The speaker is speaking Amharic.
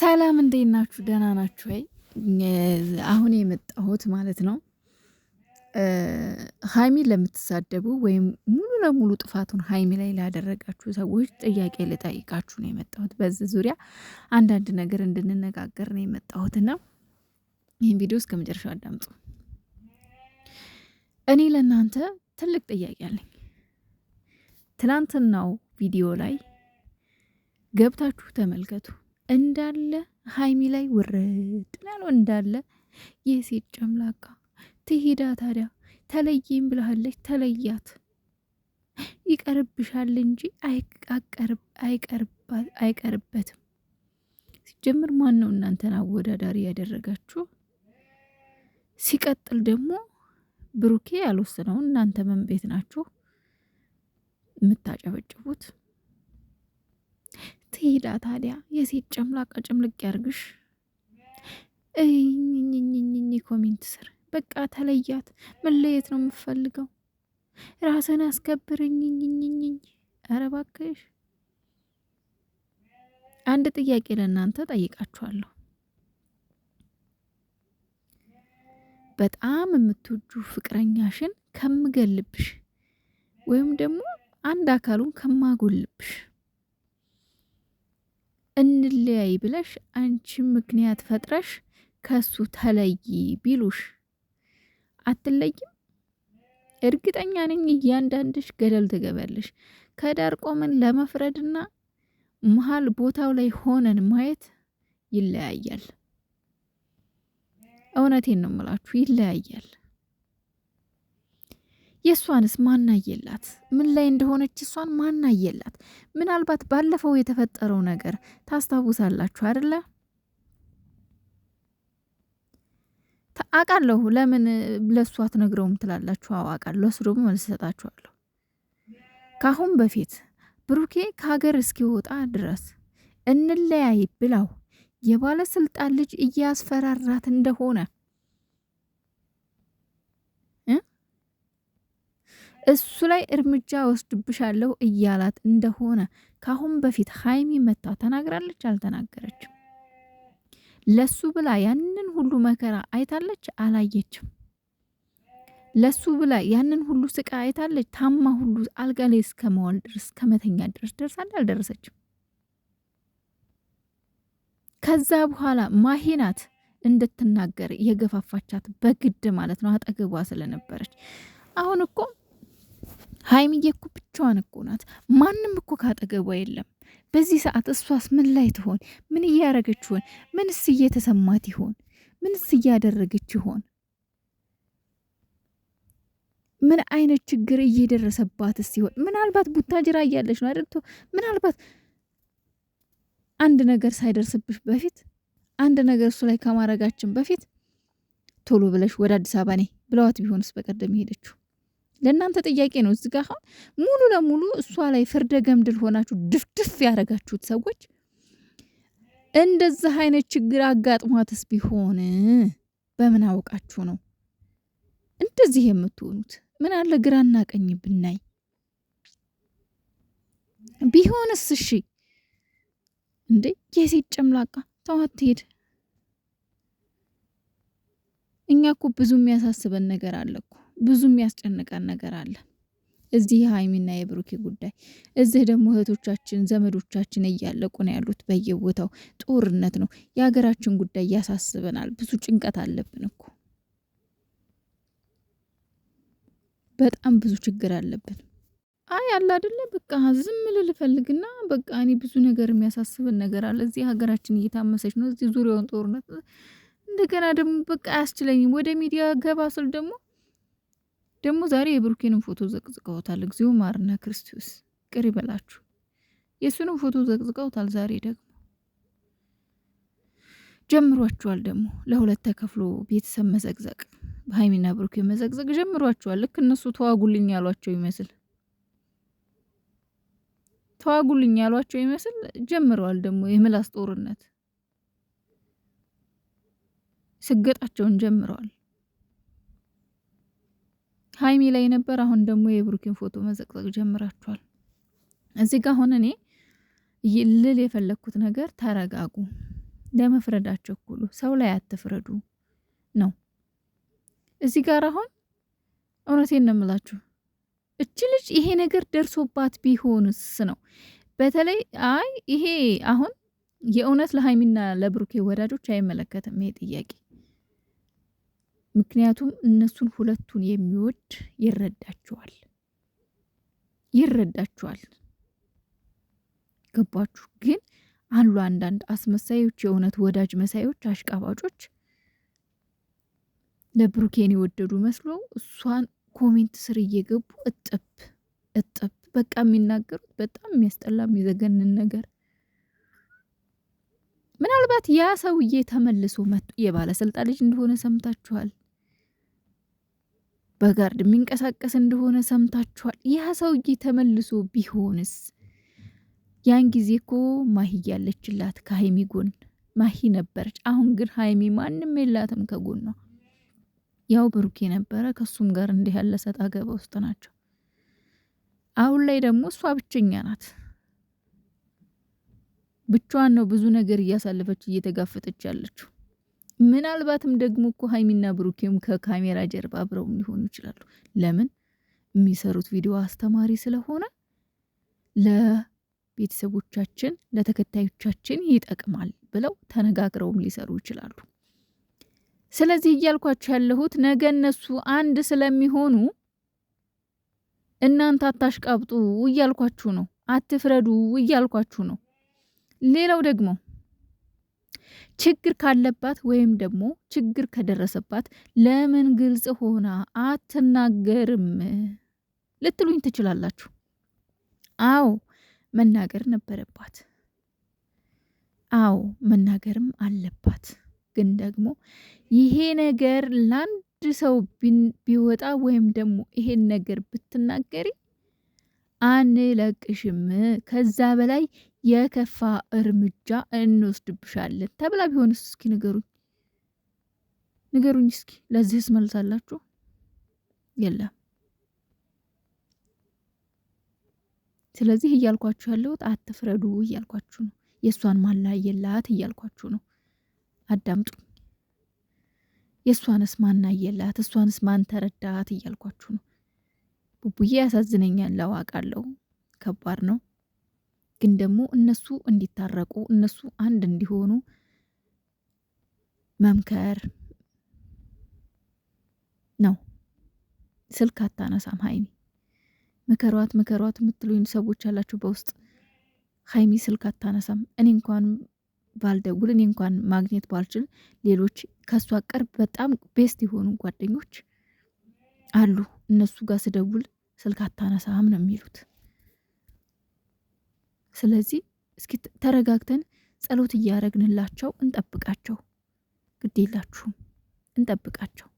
ሰላም እንዴት ናችሁ? ደህና ናችሁ ወይ? አሁን የመጣሁት ማለት ነው ሀይሚ ለምትሳደቡ ወይም ሙሉ ለሙሉ ጥፋቱን ሀይሚ ላይ ላደረጋችሁ ሰዎች ጥያቄ ልጠይቃችሁ ነው የመጣሁት። በዚህ ዙሪያ አንዳንድ ነገር እንድንነጋገር ነው የመጣሁትና ይህን ቪዲዮ እስከ መጨረሻው አዳምጡ። እኔ ለእናንተ ትልቅ ጥያቄ አለኝ። ትናንትናው ቪዲዮ ላይ ገብታችሁ ተመልከቱ። እንዳለ ሀይሚ ላይ ውርድ ነው እንዳለ። ይህ ሴት ጨምላቃ ትሂዳ ታዲያ ተለይም ብላለች። ተለያት ይቀርብሻል እንጂ አይቀርበትም። ሲጀምር ማን ነው እናንተን አወዳዳሪ ያደረጋችሁ? ሲቀጥል ደግሞ ብሩኬ ያልወሰነው እናንተ ምን ቤት ናችሁ የምታጨበጭቡት? ትሂዳ ታዲያ የሴት ጨምላቃ ጭምልቅ ያርግሽ። እኝኝኝኝኝ ኮሜንት ስር በቃ ተለያት። መለየት ነው የምፈልገው። ራስን አስከብር። እኝኝኝኝኝ ኧረ እባክሽ። አንድ ጥያቄ ለእናንተ ጠይቃችኋለሁ። በጣም የምትወጁ ፍቅረኛሽን ከምገልብሽ ወይም ደግሞ አንድ አካሉን ከማጎልብሽ እንለያይ ብለሽ አንቺ ምክንያት ፈጥረሽ ከሱ ተለይ ቢሉሽ አትለይም? እርግጠኛ ነኝ እያንዳንድሽ ገደል ትገበያለሽ። ከዳር ቆመን ለመፍረድና መሀል ቦታው ላይ ሆነን ማየት ይለያያል። እውነቴን ነው የምላችሁ፣ ይለያያል። የእሷንስ ማናየላት ምን ላይ እንደሆነች እሷን ማናየላት። ምናልባት ባለፈው የተፈጠረው ነገር ታስታውሳላችሁ አደለ አውቃለሁ። ለምን ለእሷ አትነግረውም ትላላችሁ? አውቃለሁ። ደግሞ መልስ እሰጣችኋለሁ። ከአሁን በፊት ብሩኬ ከሀገር እስኪወጣ ድረስ እንለያይ ብላው የባለስልጣን ልጅ እያስፈራራት እንደሆነ እሱ ላይ እርምጃ ወስድብሻለሁ እያላት እንደሆነ ካሁን በፊት ሀይሚ መታ ተናግራለች? አልተናገረችም? ለሱ ብላ ያንን ሁሉ መከራ አይታለች? አላየችም? ለሱ ብላ ያንን ሁሉ ስቃ አይታለች? ታማ ሁሉ አልጋ ላይ እስከ መዋል ድረስ ከመተኛ ድረስ ደርሳለች? አልደረሰችም? ከዛ በኋላ ማሄናት እንድትናገር የገፋፋቻት በግድ ማለት ነው፣ አጠገቧ ስለነበረች። አሁን እኮ ሀይሚዬ እኮ ብቻዋን እኮ ናት። ማንም እኮ ካጠገቧ የለም። በዚህ ሰዓት እሷስ ምን ላይ ትሆን? ምን እያረገች ይሆን? ምንስ እየተሰማት ይሆን? ምንስ እያደረገች ይሆን? ምን አይነት ችግር እየደረሰባት ይሆን? ምናልባት ቡታጅራ እያለች ነው አይደልቶ? ምናልባት አንድ ነገር ሳይደርስብሽ በፊት አንድ ነገር እሱ ላይ ከማድረጋችን በፊት ቶሎ ብለሽ ወደ አዲስ አበባ ኔ ብለዋት ቢሆንስ በቀደም ሄደችው ለእናንተ ጥያቄ ነው። እዚጋ አሁን ሙሉ ለሙሉ እሷ ላይ ፍርደ ገምድል ሆናችሁ ድፍድፍ ያደረጋችሁት ሰዎች እንደዚህ አይነት ችግር አጋጥሟትስ ቢሆን በምን አውቃችሁ ነው እንደዚህ የምትሆኑት? ምን አለ ግራና ቀኝ ብናይ ቢሆንስ? እሺ እንዴ የሴት ጨምላቃ ተዋት ትሄድ። እኛ እኮ ብዙ የሚያሳስበን ነገር አለ እኮ ብዙ የሚያስጨንቀን ነገር አለ። እዚህ የሀይሚና የብሩኬ ጉዳይ፣ እዚህ ደግሞ እህቶቻችን ዘመዶቻችን እያለቁ ነው ያሉት። በየቦታው ጦርነት ነው። የሀገራችን ጉዳይ ያሳስበናል። ብዙ ጭንቀት አለብን እኮ በጣም ብዙ ችግር አለብን። አይ አለ አይደለ በቃ ዝም ልል በቃ እኔ ብዙ ነገር የሚያሳስበን ነገር አለ። እዚህ ሀገራችን እየታመሰች ነው። እዚህ ዙሪያውን ጦርነት እንደገና ደግሞ በቃ አያስችለኝም። ወደ ሚዲያ ገባ ስል ደግሞ ደግሞ ዛሬ የብሩኬንም ፎቶ ዘቅዝቀውታል። እግዚኦ ማርና ክርስቶስ ቅር ይበላችሁ። የእሱንም ፎቶ ዘቅዝቀውታል። ዛሬ ደግሞ ጀምሯችኋል። ደግሞ ለሁለት ተከፍሎ ቤተሰብ መዘግዘቅ፣ በሀይሚና ብሩኬ መዘግዘቅ ጀምሯችኋል። ልክ እነሱ ተዋጉልኝ ያሏቸው ይመስል ተዋጉልኝ ያሏቸው ይመስል ጀምረዋል። ደግሞ የምላስ ጦርነት ስገጣቸውን ጀምረዋል። ሀይሚ ላይ ነበር። አሁን ደግሞ የብሩኬን ፎቶ መዘቅዘቅ ጀምራችኋል። እዚህ ጋር አሁን እኔ ልል የፈለግኩት ነገር ተረጋጉ፣ ለመፍረድ አትቸኩሉ፣ ሰው ላይ አትፍረዱ ነው። እዚህ ጋር አሁን እውነቴን ነው የምላችሁ እች ልጅ ይሄ ነገር ደርሶባት ቢሆንስ ነው። በተለይ አይ ይሄ አሁን የእውነት ለሀይሚና ለብሩኬ ወዳጆች አይመለከትም ይሄ ጥያቄ ምክንያቱም እነሱን ሁለቱን የሚወድ ይረዳችኋል ይረዳችኋል። ገባችሁ? ግን አሉ አንዳንድ አስመሳዮች፣ የእውነት ወዳጅ መሳዮች፣ አሽቃባጮች ለብሩኬን የወደዱ መስሎ እሷን ኮሜንት ስር እየገቡ እጥብ እጥብ በቃ የሚናገሩት በጣም የሚያስጠላ የሚዘገንን ነገር። ምናልባት ያ ሰውዬ ተመልሶ የባለስልጣ የባለስልጣን ልጅ እንደሆነ ሰምታችኋል። በጋርድ የሚንቀሳቀስ እንደሆነ ሰምታችኋል። ይህ ሰውዬ ተመልሶ ቢሆንስ? ያን ጊዜ እኮ ማሂ ያለችላት ከሀይሚ ጎን ማሂ ነበረች። አሁን ግን ሀይሚ ማንም የላትም ከጎኗ። ያው ብሩኬ ነበረ ከሱም ጋር እንዲህ ያለ ሰጥ አገባ ውስጥ ናቸው። አሁን ላይ ደግሞ እሷ ብቸኛ ናት። ብቻዋን ነው ብዙ ነገር እያሳለፈች እየተጋፈጠች ያለችው። ምናልባትም ደግሞ እኮ ሀይሚና ብሩኬም ከካሜራ ጀርባ አብረው ሊሆኑ ይችላሉ። ለምን የሚሰሩት ቪዲዮ አስተማሪ ስለሆነ ለቤተሰቦቻችን፣ ለተከታዮቻችን ይጠቅማል ብለው ተነጋግረውም ሊሰሩ ይችላሉ። ስለዚህ እያልኳቸው ያለሁት ነገ እነሱ አንድ ስለሚሆኑ እናንተ አታሽቃብጡ እያልኳችሁ ነው። አትፍረዱ እያልኳችሁ ነው። ሌላው ደግሞ ችግር ካለባት ወይም ደግሞ ችግር ከደረሰባት ለምን ግልጽ ሆና አትናገርም ልትሉኝ ትችላላችሁ። አዎ መናገር ነበረባት። አዎ መናገርም አለባት። ግን ደግሞ ይሄ ነገር ለአንድ ሰው ቢወጣ ወይም ደግሞ ይሄን ነገር ብትናገሪ አንለቅሽም ከዛ በላይ የከፋ እርምጃ እንወስድብሻለን ተብላ ቢሆንስ? እስኪ ንገሩኝ ንገሩኝ እስኪ ለዚህስ መልስ አላችሁ? የለም። ስለዚህ እያልኳችሁ ያለሁት አትፍረዱ እያልኳችሁ ነው። የእሷን ማናየላት እያልኳችሁ ነው። አዳምጡኝ። የእሷንስ ማናየላት እሷንስ ማን ተረዳት እያልኳችሁ ነው። ቡቡዬ ያሳዝነኛል፣ አውቃለሁ። ከባድ ነው። ግን ደግሞ እነሱ እንዲታረቁ እነሱ አንድ እንዲሆኑ መምከር ነው። ስልክ አታነሳም ሀይሚ። ምከሯት ምከሯት የምትሉኝ ሰዎች ያላችሁ በውስጥ ሀይሚ ስልክ አታነሳም። እኔ እንኳን ባልደውል እኔ እንኳን ማግኘት ባልችል ሌሎች ከእሷ ቅርብ በጣም ቤስት የሆኑ ጓደኞች አሉ። እነሱ ጋር ስደውል ስልክ አታነሳም ነው የሚሉት። ስለዚህ እስኪ ተረጋግተን ጸሎት እያደረግንላቸው እንጠብቃቸው። ግድ የላችሁም፣ እንጠብቃቸው።